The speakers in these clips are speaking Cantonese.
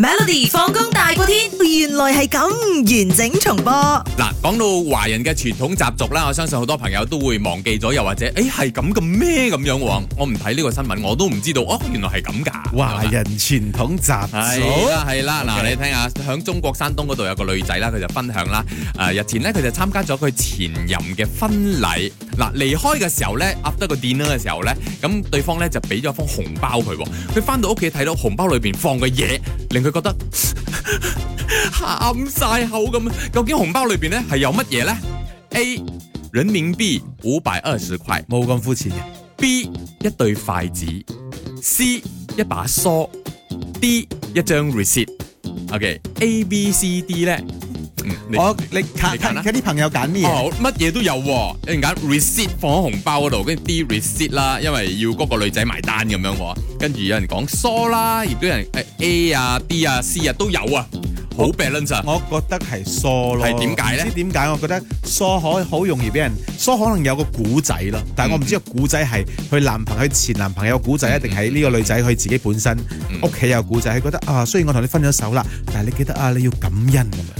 Melody 放工大過天，原來係咁，完整重播。嗱，講到華人嘅傳統習俗啦，我相信好多朋友都會忘記咗，又或者誒係咁嘅咩咁樣喎。我唔睇呢個新聞，我都唔知道哦。原來係咁噶，華人傳統習俗係啦係啦。嗱，Okay. 你聽下，響中國山東嗰度有個女仔啦，佢就分享啦。誒、呃，日前呢，佢就參加咗佢前任嘅婚禮。嗱，離開嘅時候咧，up 得個電腦嘅時候咧，咁對方咧就俾咗封紅包佢。佢翻到屋企睇到紅包裏邊放嘅嘢，令佢覺得喊晒口咁。究竟紅包裏邊咧係有乜嘢咧？A. 人民幣五百二十塊，冇咁膚淺嘅。B. 一對筷子。C. 一把梳。D. 一張 receipt、okay。OK，A、B、C、D 咧。你我你睇睇啲朋友揀咩乜嘢都有，啊，有人揀 receipt 放喺紅包嗰度，跟住 D receipt 啦，因為要嗰個女仔埋單咁樣喎。跟、嗯、住有人講疏啦，亦都有人誒 A 啊 B 啊 C 啊都有啊，好 balance 啊我。我覺得係疏咯，係點解咧？點解我覺得疏可好容易俾人疏？Saw 可能有個古仔咯，但係我唔知個古仔係佢男朋友、前男朋友古仔，定係呢個女仔佢自己本身屋企有古仔，佢覺得啊，雖然我同你分咗手啦，但係你記得啊，你要感恩咁樣。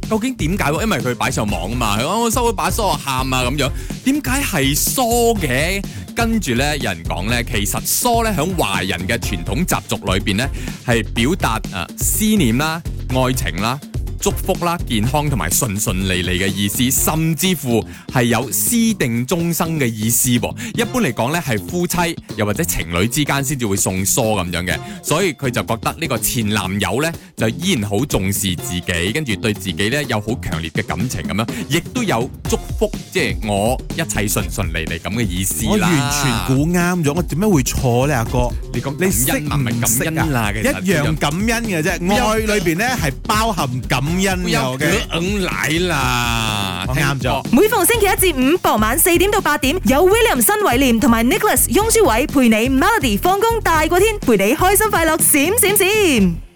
究竟點解？因為佢擺上網啊嘛，佢我收咗把梳啊喊啊咁樣，點解係梳嘅？跟住咧，有人講咧，其實梳咧喺華人嘅傳統習俗裏邊咧，係表達啊、呃、思念啦、愛情啦。祝福啦，健康同埋順順利利嘅意思，甚至乎係有私定終生嘅意思喎。一般嚟講呢係夫妻又或者情侶之間先至會送梳咁樣嘅，所以佢就覺得呢個前男友呢就依然好重視自己，跟住對自己呢有好強烈嘅感情咁樣，亦都有祝福，即係我一切順順利利咁嘅意思啦。我完全估啱咗，我點解會錯呢阿哥，哥？你感你恩唔係感恩啊，一樣感恩嘅啫，愛裏邊咧係包含感恩嘅。你硬奶啦，聽啱咗。每逢星期一至五傍晚四點到八點，有 William 新偉廉同埋 Nicholas 翁舒偉陪你 Melody 放工大過天，陪你開心快樂閃閃閃。